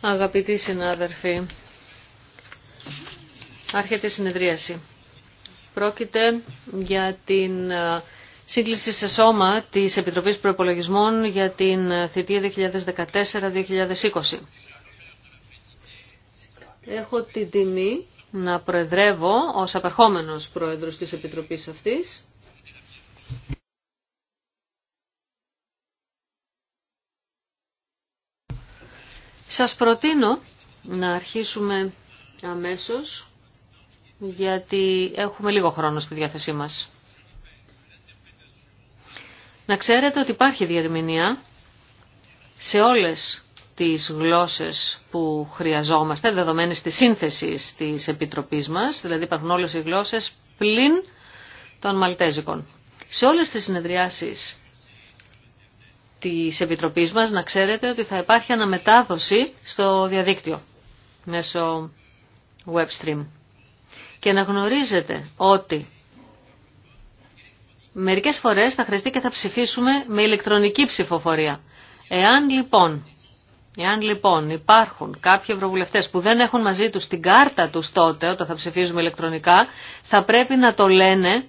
Αγαπητοί συνάδελφοι, άρχεται η συνεδρίαση. Πρόκειται για την ε, σύγκληση σε σώμα της Επιτροπής Προπολογισμών για την ε, θητεία 2014-2020. Έχω την τιμή να προεδρεύω ως απερχόμενος πρόεδρος της Επιτροπής αυτής Σας προτείνω να αρχίσουμε αμέσως γιατί έχουμε λίγο χρόνο στη διάθεσή μας. Να ξέρετε ότι υπάρχει διερμηνία σε όλες τις γλώσσες που χρειαζόμαστε, δεδομένες της σύνθεσης της Επιτροπής μας, δηλαδή υπάρχουν όλες οι γλώσσες πλην των Μαλτέζικων. Σε όλες τις συνεδριάσεις τη Επιτροπής μας να ξέρετε ότι θα υπάρχει αναμετάδοση στο διαδίκτυο μέσω webstream. Και να γνωρίζετε ότι μερικές φορές θα χρειαστεί και θα ψηφίσουμε με ηλεκτρονική ψηφοφορία. Εάν λοιπόν, εάν λοιπόν υπάρχουν κάποιοι ευρωβουλευτές που δεν έχουν μαζί τους την κάρτα τους τότε όταν θα ψηφίζουμε ηλεκτρονικά, θα πρέπει να το λένε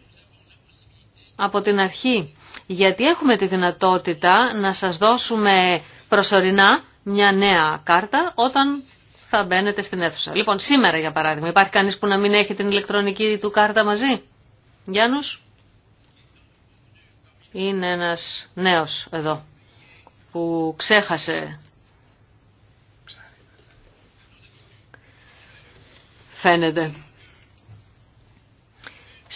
από την αρχή γιατί έχουμε τη δυνατότητα να σας δώσουμε προσωρινά μια νέα κάρτα όταν θα μπαίνετε στην αίθουσα. Λοιπόν, σήμερα για παράδειγμα, υπάρχει κανείς που να μην έχει την ηλεκτρονική του κάρτα μαζί. Γιάννους, είναι ένας νέος εδώ που ξέχασε φαίνεται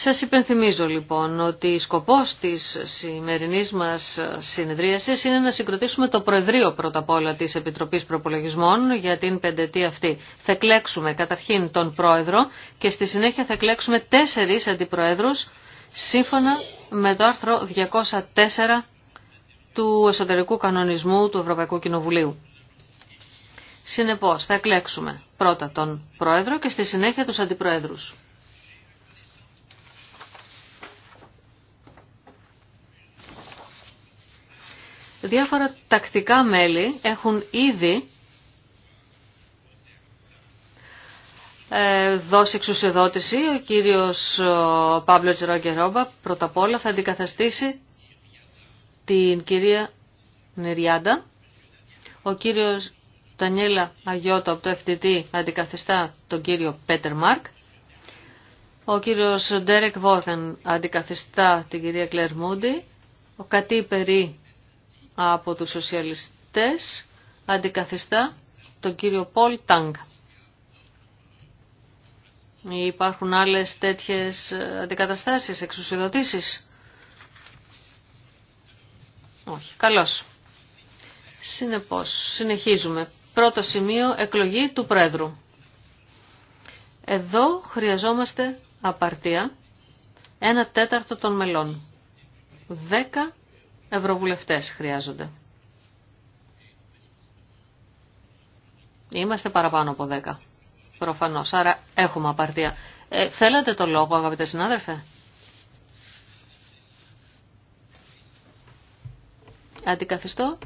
σας υπενθυμίζω λοιπόν ότι σκοπός της σημερινής μας συνεδρίασης είναι να συγκροτήσουμε το Προεδρείο πρώτα απ' όλα της Επιτροπής Προπολογισμών για την πεντετή αυτή. Θα κλέξουμε καταρχήν τον Πρόεδρο και στη συνέχεια θα κλέξουμε τέσσερις αντιπροέδρους σύμφωνα με το άρθρο 204 του εσωτερικού κανονισμού του Ευρωπαϊκού Κοινοβουλίου. Συνεπώς θα εκλέξουμε πρώτα τον Πρόεδρο και στη συνέχεια τους Αντιπροέδρους. διάφορα τακτικά μέλη έχουν ήδη ε, δώσει εξουσιοδότηση. Ο κύριος Παύλο Τζερόγκερόμπα πρώτα απ' όλα θα αντικαθαστήσει την κυρία Νεριάντα. Ο κύριος Τανιέλα Αγιώτα από το FTT αντικαθιστά τον κύριο Πέτερ Μάρκ. Ο κύριος Ντέρεκ Βόρθεν αντικαθιστά την κυρία Κλέρ Μούντι. Ο Κατή Περί από τους σοσιαλιστές αντικαθιστά τον κύριο Πολ Τάγκ. Υπάρχουν άλλες τέτοιες ε, αντικαταστάσεις, εξουσιοδοτήσεις. Όχι, καλώς. Συνεπώς, συνεχίζουμε. Πρώτο σημείο, εκλογή του πρέδρου. Εδώ χρειαζόμαστε απαρτία, ένα τέταρτο των μελών. Δέκα ευρωβουλευτές χρειάζονται. Είμαστε παραπάνω από 10. Προφανώς. Άρα έχουμε απαρτία. Ε, θέλατε το λόγο αγαπητέ συνάδελφε. Αντικαθιστώ.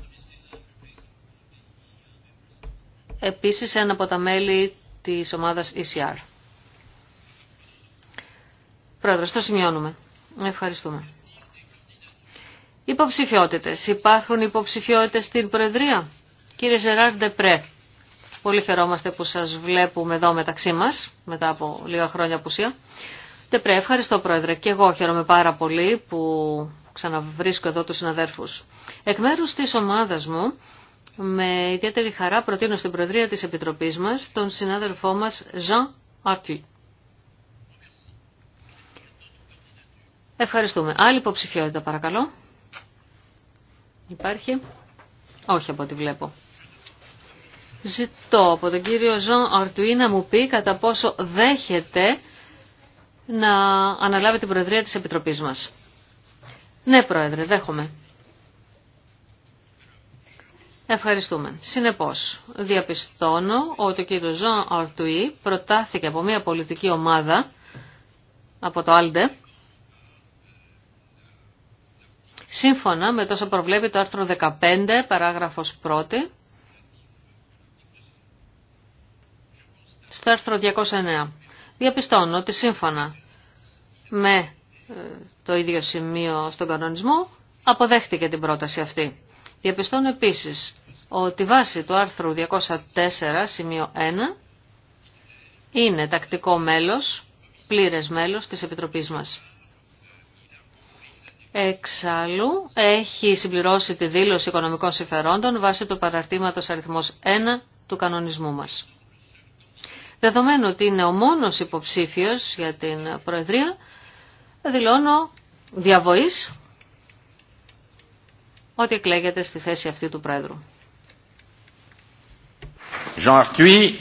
Επίσης ένα από τα μέλη της ομάδας ECR. Πρόεδρος, το σημειώνουμε. Ευχαριστούμε. Υποψηφιότητες. Υπάρχουν υποψηφιότητες στην Προεδρία. Κύριε Ζεράρ Ντεπρέ, πολύ χαιρόμαστε που σας βλέπουμε εδώ μεταξύ μας, μετά από λίγα χρόνια απουσία. Ντεπρέ, ευχαριστώ Πρόεδρε. Και εγώ χαίρομαι πάρα πολύ που ξαναβρίσκω εδώ τους συναδέρφους. Εκ μέρους της ομάδας μου, με ιδιαίτερη χαρά προτείνω στην Προεδρία της Επιτροπής μας τον συνάδελφό μας Jean Artu. Ευχαριστούμε. Άλλη υποψηφιότητα παρακαλώ. Υπάρχει. Όχι από ό,τι βλέπω. Ζητώ από τον κύριο Ζων Αρτουή να μου πει κατά πόσο δέχεται να αναλάβει την Προεδρία της Επιτροπής μας. Ναι, Πρόεδρε, δέχομαι. Ευχαριστούμε. Συνεπώς, διαπιστώνω ότι ο κύριος Ζων Αρτουή προτάθηκε από μια πολιτική ομάδα, από το Άλντε, σύμφωνα με τόσο προβλέπει το άρθρο 15 παράγραφος 1 στο άρθρο 209. Διαπιστώνω ότι σύμφωνα με ε, το ίδιο σημείο στον κανονισμό αποδέχτηκε την πρόταση αυτή. Διαπιστώνω επίσης ότι βάση του άρθρου 204 σημείο 1 είναι τακτικό μέλος, πλήρες μέλος της Επιτροπής μας. Εξάλλου, έχει συμπληρώσει τη δήλωση οικονομικών συμφερόντων βάσει του παραρτήματος αριθμός 1 του κανονισμού μας. Δεδομένου ότι είναι ο μόνος υποψήφιος για την Προεδρία, δηλώνω διαβοή ότι εκλέγεται στη θέση αυτή του Πρόεδρου. Jean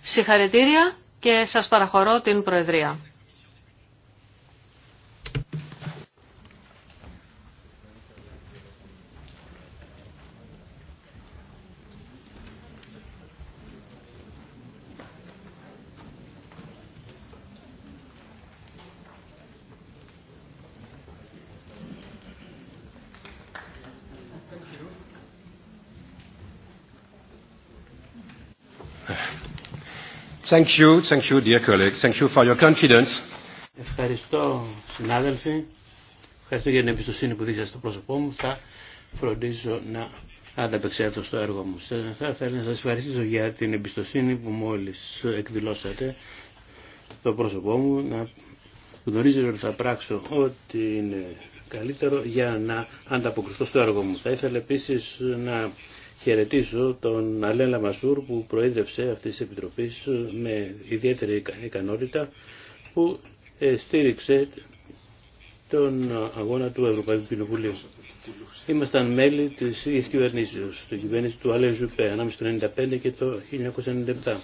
Συγχαρητήρια και σας παραχωρώ την Προεδρία. Thank you, thank you, dear Thank you for your confidence. Ευχαριστώ, συνάδελφοι. Ευχαριστώ για την εμπιστοσύνη που δείξατε στο πρόσωπό μου. Θα φροντίζω να ανταπεξέλθω στο έργο μου. Θα ήθελα να σας ευχαριστήσω για την εμπιστοσύνη που μόλις εκδηλώσατε στο πρόσωπό μου. Να γνωρίζετε ότι θα πράξω ό,τι είναι καλύτερο για να ανταποκριθώ στο έργο μου. Θα ήθελα επίσης να χαιρετήσω τον Αλέν Λαμασούρ που προείδρευσε αυτής τη Επιτροπής με ιδιαίτερη ικανότητα που ε, στήριξε τον αγώνα του Ευρωπαϊκού Κοινοβουλίου. Ήμασταν μέλη τη ίδια κυβερνήσεω, του κυβέρνηση του Αλέν Ζουπέ, ανάμεσα το 1995 και το 1997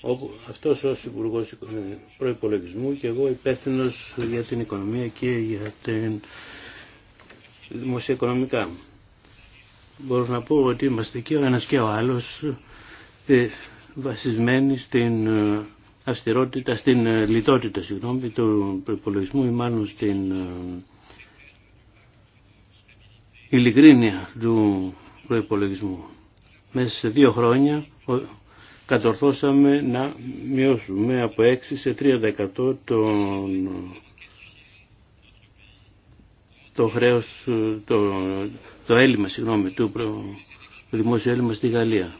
όπου αυτός ως υπουργό ε, προπολογισμού και εγώ υπεύθυνο για την οικονομία και για την δημοσιοοικονομικά μπορώ να πω ότι είμαστε και ο ένας και ο άλλος ε, βασισμένοι στην ε, αυστηρότητα, στην ε, λιτότητα συγγνώμη, του προπολογισμού ή μάλλον στην ειλικρίνεια του προπολογισμού. Μέσα σε δύο χρόνια κατορθώσαμε να μειώσουμε από 6 σε 3% των το χρέος, ε, το, το έλλειμμα, συγγνώμη, του, προ, το δημόσιο έλλειμμα στη Γαλλία.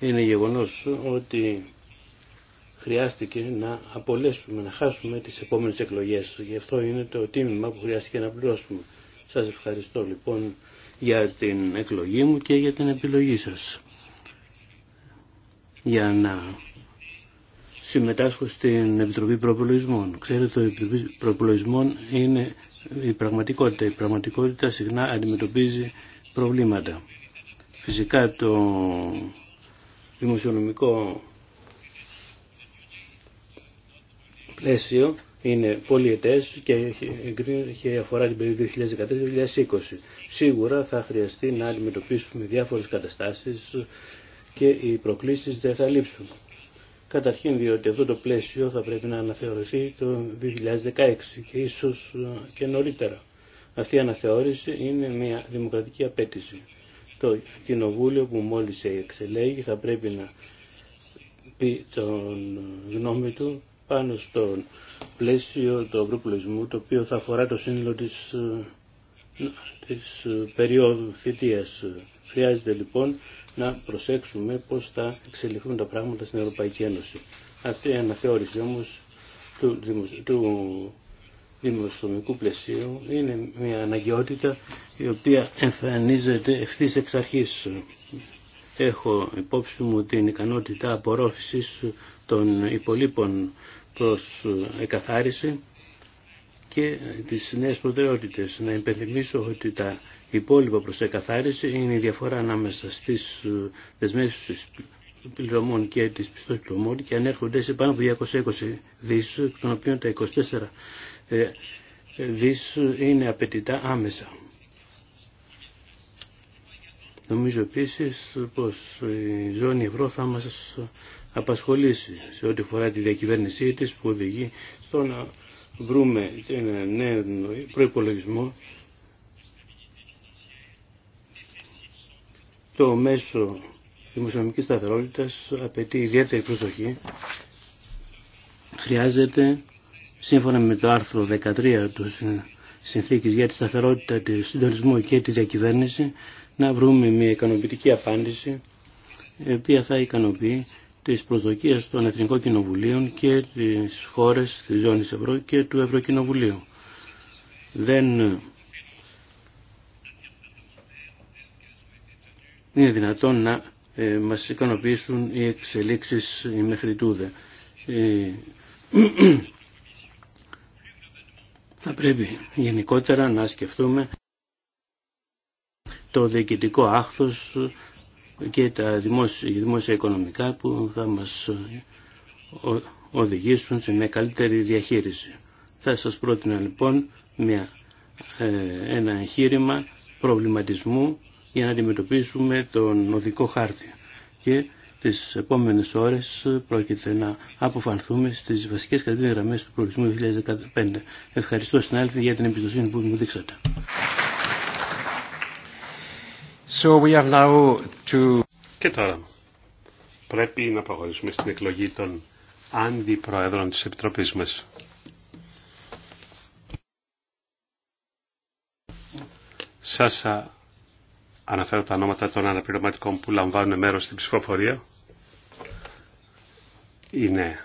Είναι γεγονός ότι χρειάστηκε να απολέσουμε, να χάσουμε τις επόμενες εκλογές. Γι' αυτό είναι το τίμημα που χρειάστηκε να πληρώσουμε. Σας ευχαριστώ λοιπόν για την εκλογή μου και για την επιλογή σας. Για να συμμετάσχω στην Επιτροπή Προπολογισμών. Ξέρετε, η Επιτροπή Προπολογισμών είναι η πραγματικότητα. Η πραγματικότητα συχνά αντιμετωπίζει προβλήματα. Φυσικά το δημοσιονομικό πλαίσιο είναι πολυετές και αφορά την περιοδο 2013 2014-2020. Σίγουρα θα χρειαστεί να αντιμετωπίσουμε διάφορες καταστάσεις και οι προκλήσεις δεν θα λείψουν. Καταρχήν διότι αυτό το πλαίσιο θα πρέπει να αναθεωρηθεί το 2016 και ίσως ε, και νωρίτερα. Αυτή η αναθεώρηση είναι μια δημοκρατική απέτηση. Το κοινοβούλιο που μόλις εξελέγει θα πρέπει να πει τον γνώμη του πάνω στο πλαίσιο του ευρωπλισμού το οποίο θα αφορά το σύνολο της, ε, της ε, περίοδου θητείας. Χρειάζεται λοιπόν να προσέξουμε πώς θα εξελιχθούν τα πράγματα στην Ευρωπαϊκή Ένωση. Αυτή η αναθεώρηση όμως του, του δημοσιονομικού πλαισίου είναι μια αναγκαιότητα η οποία εμφανίζεται ευθύ εξ αρχή. Έχω υπόψη μου την ικανότητα απορρόφησης των υπολείπων προς εκαθάριση και τις νέες προτεραιότητες. Να υπενθυμίσω ότι τα υπόλοιπα προς εκαθάριση είναι η διαφορά ανάμεσα στις ε, δεσμεύσεις πληρωμών και της του πληρωμών και ανέρχονται σε πάνω από 220 δις, των οποίων τα 24 ε, δις είναι απαιτητά άμεσα. Νομίζω επίσης πως η ζώνη ευρώ θα μας απασχολήσει σε ό,τι φορά τη διακυβέρνησή της που οδηγεί στο να βρούμε ένα νέο προϋπολογισμό το μέσο δημοσιονομικής σταθερότητας απαιτεί ιδιαίτερη προσοχή. Χρειάζεται, σύμφωνα με το άρθρο 13 του Συνθήκης για τη Σταθερότητα, του Συντονισμού και τη Διακυβέρνηση, να βρούμε μια ικανοποιητική απάντηση, η οποία θα ικανοποιεί τις προσδοκίες των Εθνικών Κοινοβουλίων και τις χώρες της ζώνης Ευρώ και του Ευρωκοινοβουλίου. Δεν είναι δυνατόν να ε, μας ικανοποιήσουν οι εξελίξεις μέχρι τούδε. Ε, θα πρέπει γενικότερα να σκεφτούμε το διοικητικό άχθος και τα δημόσια, δημόσια οικονομικά που θα μας ε, οδηγήσουν σε μια καλύτερη διαχείριση. Θα σας πρότεινα λοιπόν μια, ένα εγχείρημα προβληματισμού για να αντιμετωπίσουμε τον οδικό χάρτη. Και τις επόμενες ώρες πρόκειται να αποφανθούμε στις βασικές κατευθυντικές γραμμές του προορισμού 2015. Ευχαριστώ συνάδελφοι για την εμπιστοσύνη που μου δείξατε. So we have now to... Και τώρα πρέπει να προχωρήσουμε στην εκλογή των αντιπροέδρων της Επιτροπής μας. Σας αναφέρω τα ονόματα των αναπληρωματικών που λαμβάνουν μέρος στην ψηφοφορία. Είναι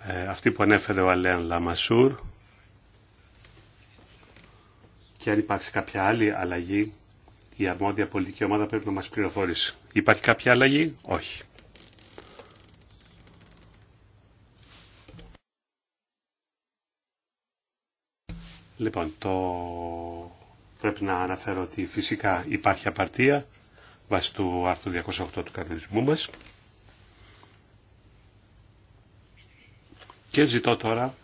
ε, αυτή που ανέφερε ο Αλέαν Λαμασούρ και αν υπάρξει κάποια άλλη αλλαγή η αρμόδια πολιτική ομάδα πρέπει να μας πληροφορήσει. Υπάρχει κάποια αλλαγή? Όχι. Λοιπόν, το Πρέπει να αναφέρω ότι φυσικά υπάρχει απαρτία βάσει του άρθρου 208 του κανονισμού μας. Και ζητώ τώρα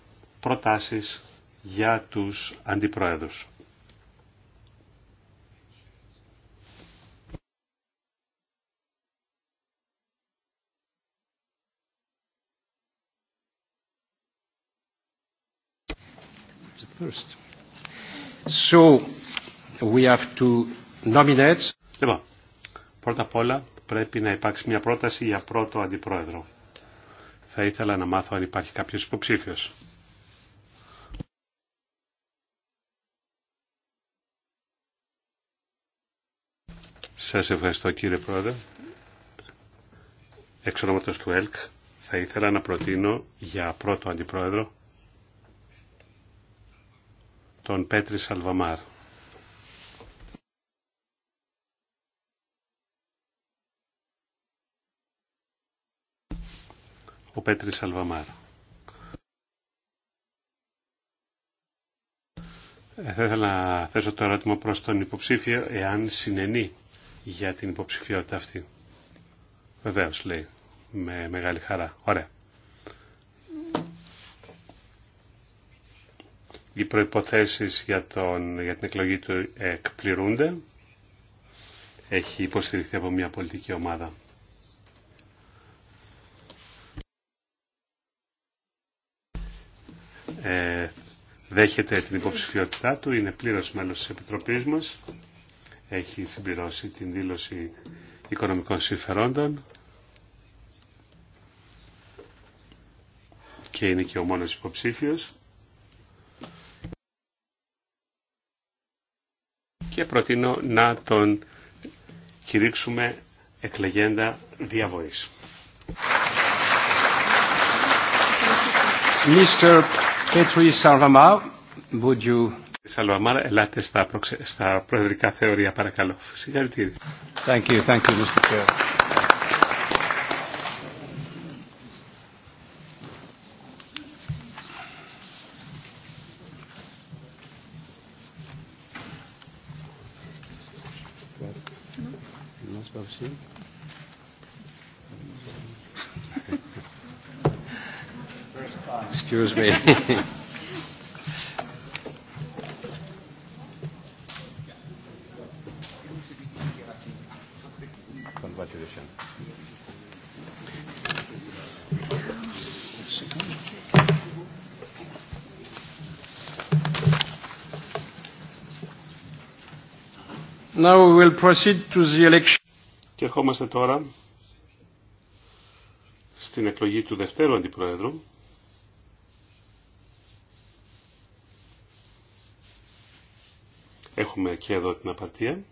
προτάσεις για τους αντιπρόεδρους. So, we have Λοιπόν, πρώτα απ' όλα πρέπει να υπάρξει μια πρόταση για πρώτο αντιπρόεδρο. Θα ήθελα να μάθω αν υπάρχει κάποιος υποψήφιος. Σας ευχαριστώ κύριε Πρόεδρε. Εξ του ΕΛΚ θα ήθελα να προτείνω για πρώτο αντιπρόεδρο τον Πέτρη Σαλβαμάρ. ο Πέτρης Αλβαμάρ. Ε, θα ήθελα να θέσω το ερώτημα προς τον υποψήφιο, εάν συνενεί για την υποψηφιότητα αυτή. Βεβαίως, λέει, με μεγάλη χαρά. Ωραία. Οι προϋποθέσεις για, τον, για την εκλογή του εκπληρούνται. Έχει υποστηριχθεί από μια πολιτική ομάδα. δέχεται την υποψηφιότητά του, είναι πλήρως μέλος της Επιτροπής μας, έχει συμπληρώσει την δήλωση οικονομικών συμφερόντων και είναι και ο μόνος υποψήφιος. Και προτείνω να τον κηρύξουμε εκλεγέντα διαβοής. Mr. Petri Would you... Σαλουαμάρα, ελάτε στα, προεδρικά θεωρία, παρακαλώ. Συγχαρητήρια. Thank Και ερχόμαστε τώρα στην εκλογή του Δευτέρου Αντιπρόεδρου. Έχουμε και εδώ την απαρτία.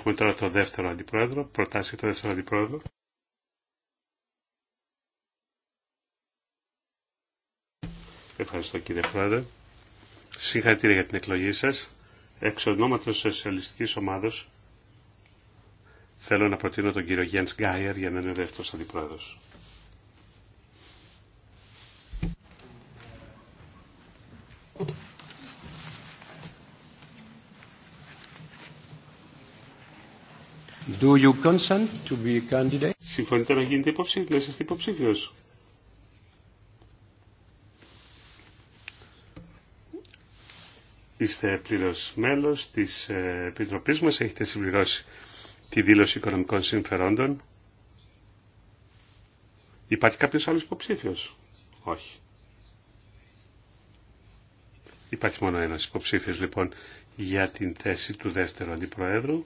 Έχουμε τώρα το δεύτερο αντιπρόεδρο, προτάσει για το δεύτερο αντιπρόεδρο. Ευχαριστώ κύριε Πρόεδρε. Συγχαρητήρια για την εκλογή σας. Εξ ονόματο της Σοσιαλιστικής Ομάδος θέλω να προτείνω τον κύριο Γιάννη Γκάιερ για να είναι δεύτερο αντιπρόεδρο. Do you consent to be a candidate? Συμφωνείτε να γίνετε υποψήφιος, είστε υποψήφιος. Είστε πλήρως μέλος της ε, Επιτροπής μας, έχετε συμπληρώσει τη δήλωση οικονομικών συμφερόντων. Υπάρχει κάποιος άλλος υποψήφιος. Όχι. Υπάρχει μόνο ένας υποψήφιος λοιπόν για την θέση του δεύτερου αντιπροέδρου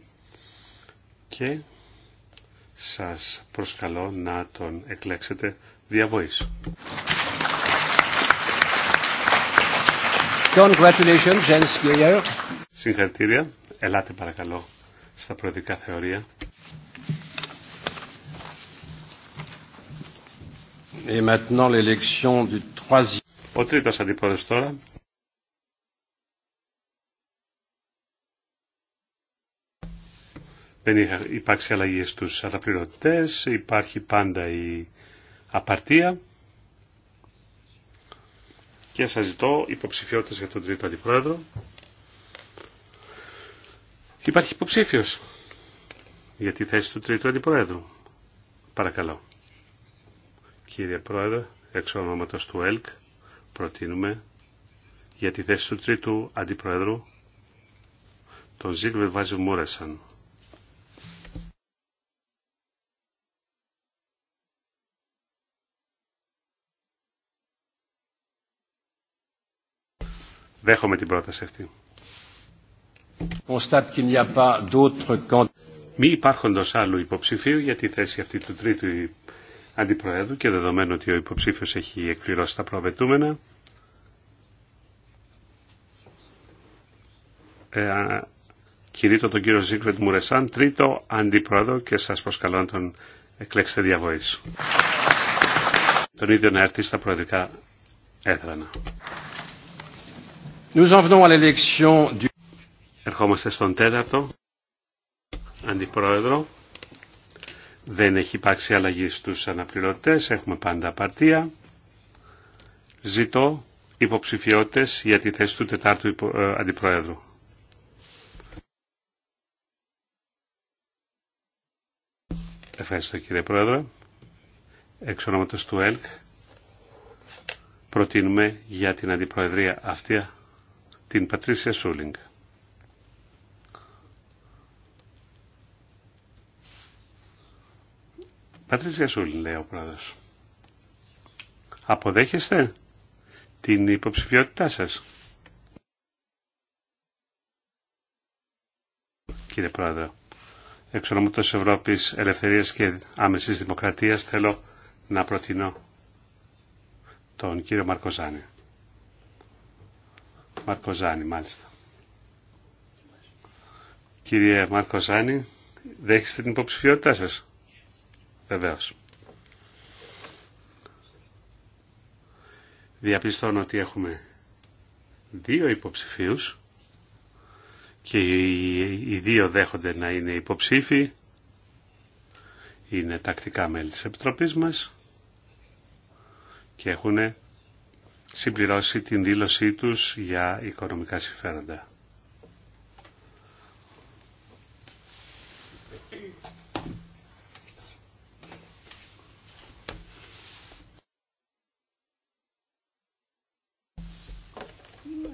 και σας προσκαλώ να τον εκλέξετε διαβοής. Congratulations, Jens Συγχαρητήρια. Ελάτε παρακαλώ στα προεδρικά θεωρία. Et maintenant l'élection du troisième. Ο τρίτος αντιπρόεδρος τώρα δεν είχα υπάρξει αλλαγή στους αναπληρωτές, υπάρχει πάντα η απαρτία και σας ζητώ υποψηφιότητες για τον τρίτο αντιπρόεδρο. Υπάρχει υποψήφιος για τη θέση του τρίτου αντιπρόεδρου. Παρακαλώ. Κύριε Πρόεδρε, εξ ονόματος του ΕΛΚ, προτείνουμε για τη θέση του τρίτου αντιπρόεδρου τον Ζίγβερ Βάζιου Μούρεσαν. Δέχομαι την πρόταση αυτή. Μη υπάρχοντα άλλου υποψηφίου για τη θέση αυτή του τρίτου αντιπροέδρου και δεδομένου ότι ο υποψήφιος έχει εκπληρώσει τα προαπαιτούμενα, ε, κηρύττω τον κύριο Ζίγκρετ Μουρεσάν, τρίτο αντιπρόεδρο και σας προσκαλώ να τον εκλέξετε διαβοήσου. Τον ίδιο να έρθει στα προεδρικά έδρανα. Ερχόμαστε στον τέταρτο αντιπρόεδρο. Δεν έχει υπάρξει αλλαγή στους αναπληρωτές, έχουμε πάντα απαρτία. Ζητώ υποψηφιότητες για τη θέση του τετάρτου ε, αντιπρόεδρου. Ευχαριστώ κύριε Πρόεδρε. Εξ του ΕΛΚ προτείνουμε για την αντιπροεδρία αυτή την Πατρίσια Σούλινγκ. Πατρίσια Σούλινγκ λέει ο πρόεδρος. Αποδέχεστε την υποψηφιότητά σας. Κύριε Πρόεδρε, εξ ονόματος Ευρώπης Ελευθερίας και Άμεσης Δημοκρατίας θέλω να προτείνω τον κύριο Μαρκοζάνη. Μαρκοζάνη, μάλιστα. Κύριε Μαρκοζάνη, δέχεστε την υποψηφιότητά σας. Βεβαίως. Διαπιστώνω ότι έχουμε δύο υποψηφίους και οι δύο δέχονται να είναι υποψήφοι. Είναι τακτικά μέλη της Επιτροπής μας και έχουν συμπληρώσει την δήλωσή τους για οικονομικά συμφέροντα.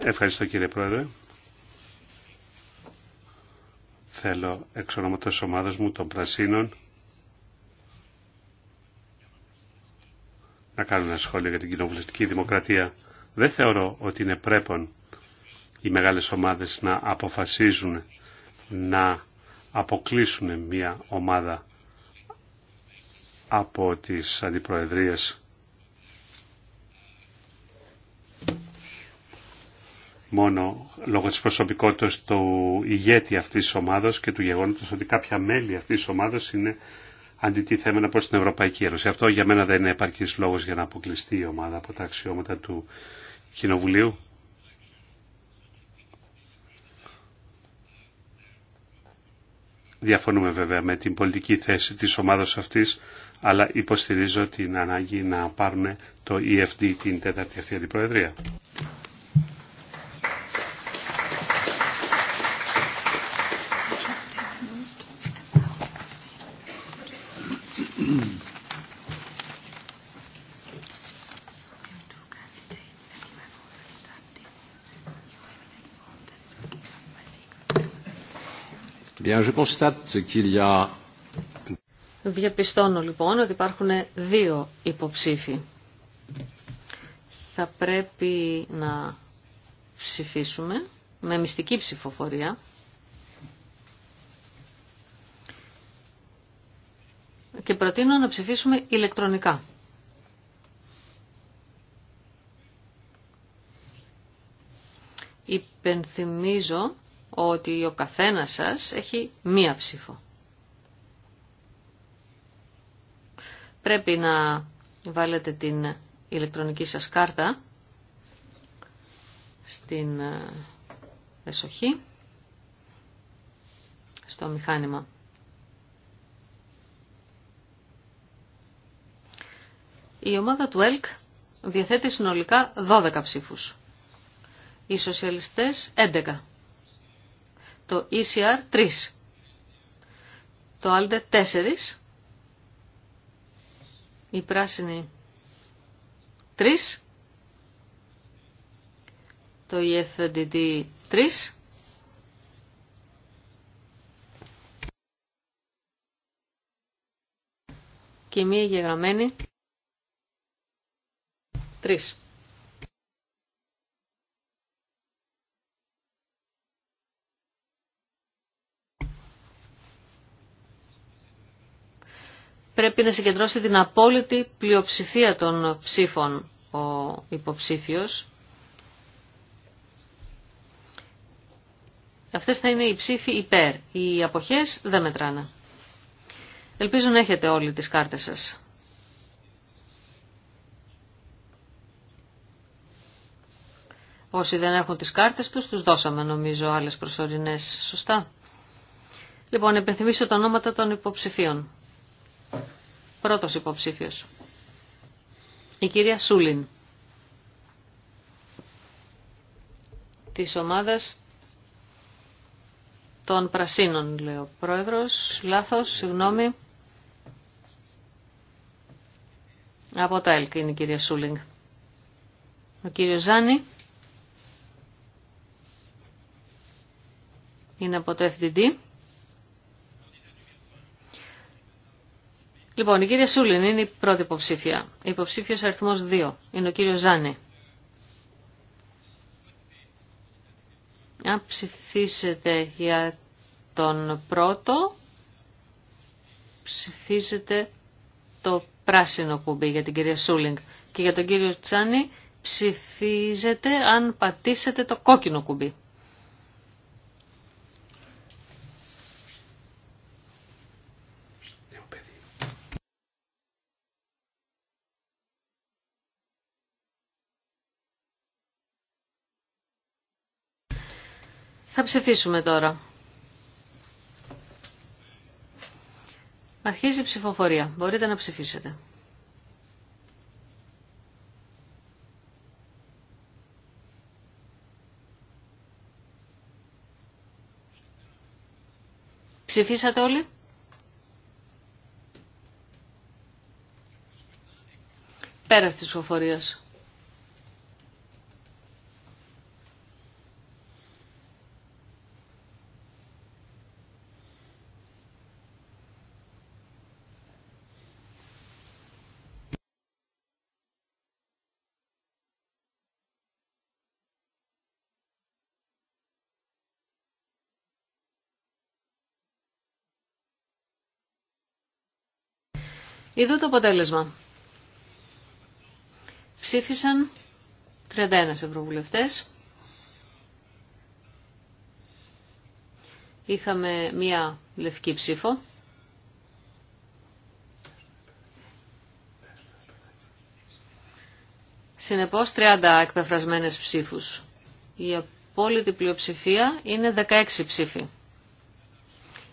Ευχαριστώ κύριε Πρόεδρε. Θέλω εξ ονόματος ομάδας μου των Πρασίνων να κάνω ένα σχόλιο για την κοινοβουλευτική δημοκρατία. Δεν θεωρώ ότι είναι πρέπον οι μεγάλες ομάδες να αποφασίζουν να αποκλείσουν μια ομάδα από τις αντιπροεδρίες μόνο λόγω της προσωπικότητας του ηγέτη αυτής της ομάδας και του γεγονότος ότι κάποια μέλη αυτής της ομάδας είναι αντιτιθέμενα προς την Ευρωπαϊκή Ένωση. Αυτό για μένα δεν είναι επαρκής λόγος για να αποκλειστεί η ομάδα από τα αξιώματα του Κοινοβουλίου. Διαφωνούμε βέβαια με την πολιτική θέση της ομάδας αυτής, αλλά υποστηρίζω την ανάγκη να πάρουν το EFD την τέταρτη αυτή αντιπροεδρία. Διαπιστώνω λοιπόν ότι υπάρχουν δύο υποψήφοι. Θα πρέπει να ψηφίσουμε με μυστική ψηφοφορία. Και προτείνω να ψηφίσουμε ηλεκτρονικά. Υπενθυμίζω ότι ο καθένας σας έχει μία ψήφο. Πρέπει να βάλετε την ηλεκτρονική σας κάρτα στην ε, εσοχή, στο μηχάνημα. Η ομάδα του ΕΛΚ διαθέτει συνολικά 12 ψήφους. Οι σοσιαλιστές 11 το ECR 3, το ALDE 4, η πράσινη 3, το EFDD 3, και μία γεγραμμένη 3. πρέπει να συγκεντρώσει την απόλυτη πλειοψηφία των ψήφων ο υποψήφιος. Αυτές θα είναι οι ψήφοι υπέρ. Οι αποχές δεν μετράνε. Ελπίζω να έχετε όλοι τις κάρτες σας. Όσοι δεν έχουν τις κάρτες τους, τους δώσαμε νομίζω άλλες προσωρινές. Σωστά. Λοιπόν, επενθυμίσω τα ονόματα των υποψηφίων. Πρώτος υποψήφιος. Η κυρία Σούλιν. Της ομάδας των Πρασίνων, λέει ο πρόεδρος. Λάθος, συγγνώμη. Από τα ΕΛΚ είναι η κυρία Σούλιν. Ο κύριος Ζάνη είναι από το FDD. Λοιπόν, η κυρία Σούλιν είναι η πρώτη υποψήφια. υποψήφιο αριθμό 2 είναι ο κύριος Ζάνη. Αν ψηφίσετε για τον πρώτο, ψηφίζετε το πράσινο κουμπί για την κυρία Σούλινγκ και για τον κύριο Τσάνη ψηφίζετε αν πατήσετε το κόκκινο κουμπί. Θα ψηφίσουμε τώρα. Αρχίζει η ψηφοφορία. Μπορείτε να ψηφίσετε. Ψηφίσατε όλοι. Πέρα της ψηφοφορία. Είδω το αποτέλεσμα. Ψήφισαν 31 ευρωβουλευτές. Είχαμε μία λευκή ψήφο. Συνεπώς 30 εκπεφρασμένες ψήφους. Η απόλυτη πλειοψηφία είναι 16 ψήφοι.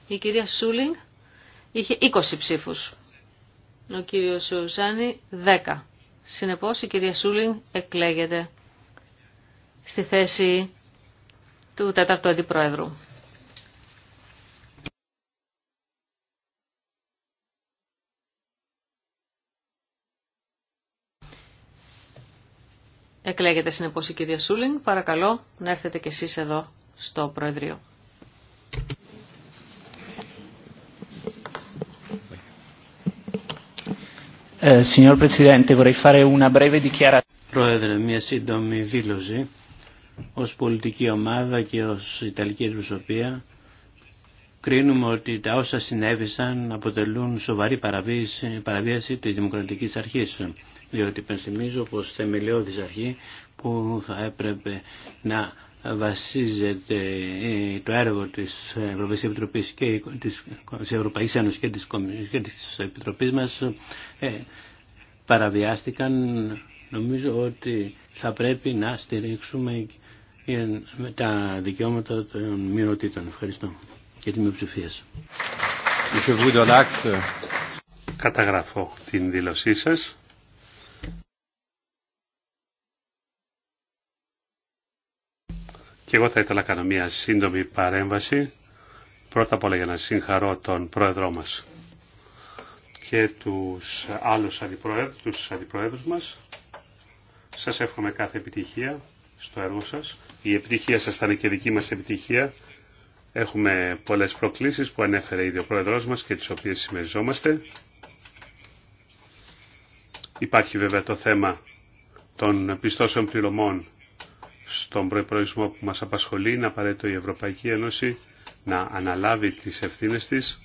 Η κυρία Σούλινγκ είχε 20 ψήφους ο κύριος Ιωζάνη 10. Συνεπώς η κυρία Σούλινγκ εκλέγεται στη θέση του τέταρτου αντιπρόεδρου. Εκλέγεται συνεπώς η κυρία Σούλινγκ. Παρακαλώ να έρθετε κι εσείς εδώ στο Προεδρείο. Ε, signor Presidente, vorrei fare una Πρόεδρε, μια σύντομη δήλωση ως πολιτική ομάδα και ως Ιταλική Ευρωσοπία, κρίνουμε ότι τα όσα συνέβησαν αποτελούν σοβαρή παραβίαση, παραβίαση της δημοκρατικής αρχής διότι υπενθυμίζω πως θεμελιώδης αρχή που θα έπρεπε να βασίζεται ε, το έργο της Ευρωπαϊκής Επιτροπής και της, Ευρωπαϊκής Ένωσης και της, και της Επιτροπής μας ε, παραβιάστηκαν νομίζω ότι θα πρέπει να στηρίξουμε ε, τα δικαιώματα των μειονοτήτων. Ευχαριστώ και τη μειοψηφία. Καταγράφω την δήλωσή σας. Και εγώ θα ήθελα να κάνω μια σύντομη παρέμβαση. Πρώτα απ' όλα για να συγχαρώ τον πρόεδρό μας και τους άλλους αντιπροέδρους, τους αντιπροέδρους μας. Σας εύχομαι κάθε επιτυχία στο έργο σας. Η επιτυχία σας θα είναι και δική μας επιτυχία. Έχουμε πολλές προκλήσεις που ανέφερε ήδη ο πρόεδρός μας και τις οποίες συμμεριζόμαστε. Υπάρχει βέβαια το θέμα των πιστώσεων πληρωμών στον προϋπολογισμό που μας απασχολεί είναι απαραίτητο η Ευρωπαϊκή Ένωση να αναλάβει τις ευθύνες της.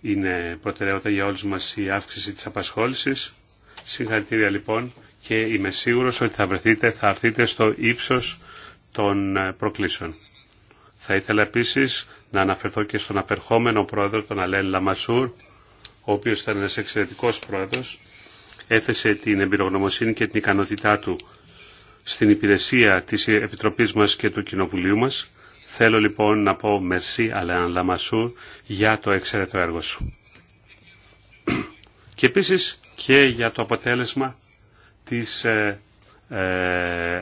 Είναι προτεραιότητα για όλους μας η αύξηση της απασχόλησης. Συγχαρητήρια λοιπόν και είμαι σίγουρος ότι θα βρεθείτε, θα αρθείτε στο ύψος των ε, προκλήσεων. Θα ήθελα επίσης να αναφερθώ και στον απερχόμενο πρόεδρο, τον Αλέν Λαμασούρ, ο οποίος ήταν ένας εξαιρετικός πρόεδρος, έθεσε την εμπειρογνωμοσύνη και την ικανότητά του στην υπηρεσία της Επιτροπής μας και του Κοινοβουλίου μας. Θέλω λοιπόν να πω μερσή αλλά λαμασού για το εξαιρετό έργο σου. Και επίσης και για το αποτέλεσμα της ε, ε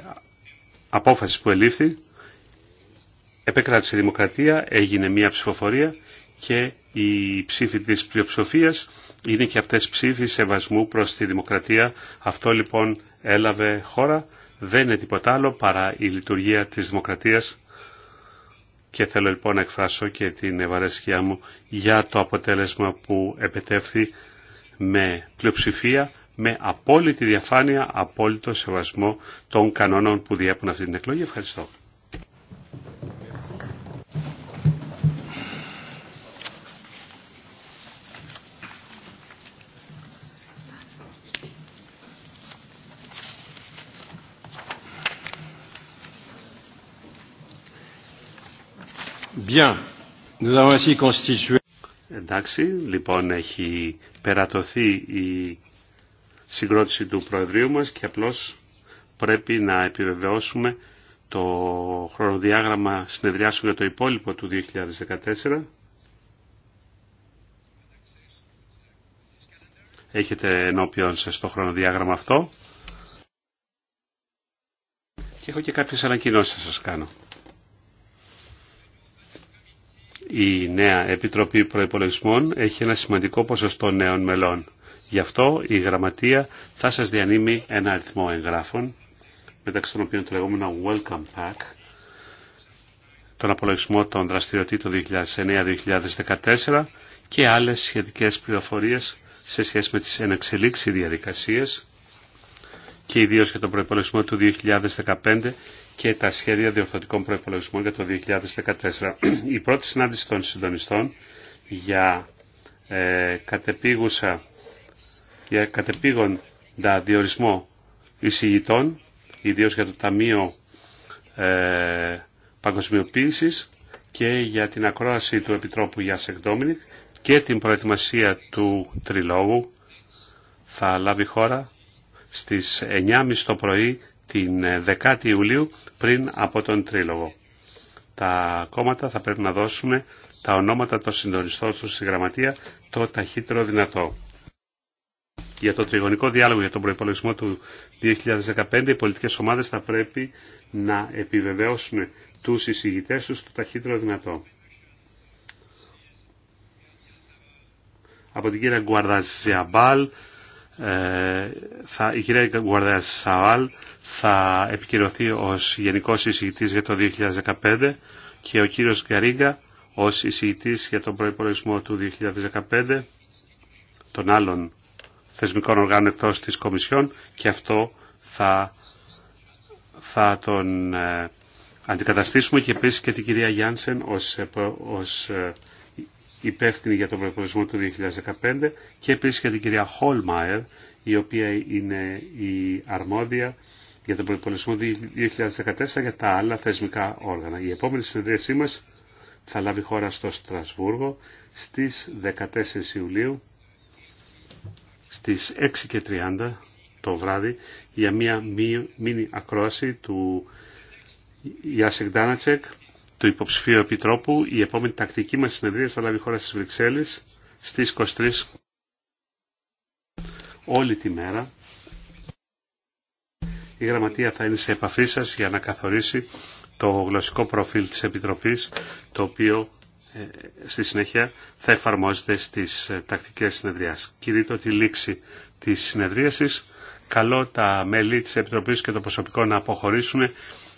απόφασης που ελήφθη. Επεκράτησε η δημοκρατία, έγινε μια ψηφοφορία και οι ψήφοι της πλειοψηφίας είναι και αυτές ψήφοι σεβασμού προς τη δημοκρατία. Αυτό λοιπόν έλαβε χώρα δεν είναι τίποτα άλλο παρά η λειτουργία της δημοκρατίας και θέλω λοιπόν να εκφράσω και την ευαρέσκειά μου για το αποτέλεσμα που επετεύθη με πλειοψηφία, με απόλυτη διαφάνεια, απόλυτο σεβασμό των κανόνων που διέπουν αυτή την εκλογή. Ευχαριστώ. Εντάξει, λοιπόν έχει περατωθεί η συγκρότηση του Προεδρείου μας και απλώς πρέπει να επιβεβαιώσουμε το χρονοδιάγραμμα συνεδριάσεων για το υπόλοιπο του 2014. Έχετε ενώπιον σας το χρονοδιάγραμμα αυτό. Και έχω και κάποιες ανακοινώσεις να σας κάνω. Η νέα Επιτροπή Προϋπολογισμών έχει ένα σημαντικό ποσοστό νέων μελών. Γι' αυτό η Γραμματεία θα σας διανύμει ένα αριθμό εγγράφων, μεταξύ των οποίων το λεγόμενο Welcome Pack, τον απολογισμό των δραστηριοτήτων 2009-2014 και άλλες σχετικές πληροφορίες σε σχέση με τις ενεξελίξει διαδικασίες και ιδίως για τον προϋπολογισμό του 2015 και τα σχέδια διορθωτικών προϋπολογισμών για το 2014. Η πρώτη συνάντηση των συντονιστών για, ε, για κατεπήγοντα διορισμό εισηγητών, ιδίως για το Ταμείο ε, Παγκοσμιοποίησης και για την ακρόαση του Επιτρόπου Γιάσεκ Ντόμινικ και την προετοιμασία του Τριλόγου θα λάβει χώρα στις 9.30 το πρωί την 10η ε, Ιουλίου πριν από τον Τρίλογο. Τα κόμματα θα πρέπει να δώσουν τα ονόματα των συντονιστών του στη γραμματεία το ταχύτερο δυνατό. Για το τριγωνικό διάλογο για τον προϋπολογισμό του 2015 οι πολιτικές ομάδες θα πρέπει να επιβεβαιώσουν τους εισηγητές του το ταχύτερο δυνατό. Από την κυρία Μπάλ, ε, θα, η κυρία Γκουαρδέα Σαουάλ θα επικυρωθεί ως Γενικός Εισηγητής για το 2015 και ο κύριος Γκαρίγκα ως εισηγητής για τον προϋπολογισμό του 2015 των άλλων θεσμικών οργάνων εκτός της Κομισιόν και αυτό θα, θα τον ε, αντικαταστήσουμε και επίσης και την κυρία Γιάνσεν ως, ε, ως υπεύθυνη για τον προπολογισμό του 2015 και επίσης για την κυρία Χολμάερ, η οποία είναι η αρμόδια για τον προπολογισμό 2014 για τα άλλα θεσμικά όργανα. Η επόμενη συνεδρίασή μας θα λάβει χώρα στο Στρασβούργο στις 14 Ιουλίου στις 6.30 το βράδυ για μια μίνι ακρόαση του Ιασικ Ντάνατσεκ του υποψηφίου επιτρόπου. Η επόμενη τακτική μας συνεδρία θα λάβει χώρα στις Βρυξέλλες στι 23 όλη τη μέρα. Η γραμματεία θα είναι σε επαφή σας για να καθορίσει το γλωσσικό προφίλ της Επιτροπής, το οποίο ε, στη συνέχεια θα εφαρμόζεται στις ε, τακτικές συνεδριάσεις. Κηρύττω τη λήξη της συνεδρίασης. Καλό τα μέλη της Επιτροπής και το προσωπικό να αποχωρήσουν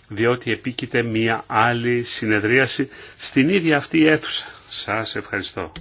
διότι επίκειται μία άλλη συνεδρίαση στην ίδια αυτή αίθουσα. Σας ευχαριστώ.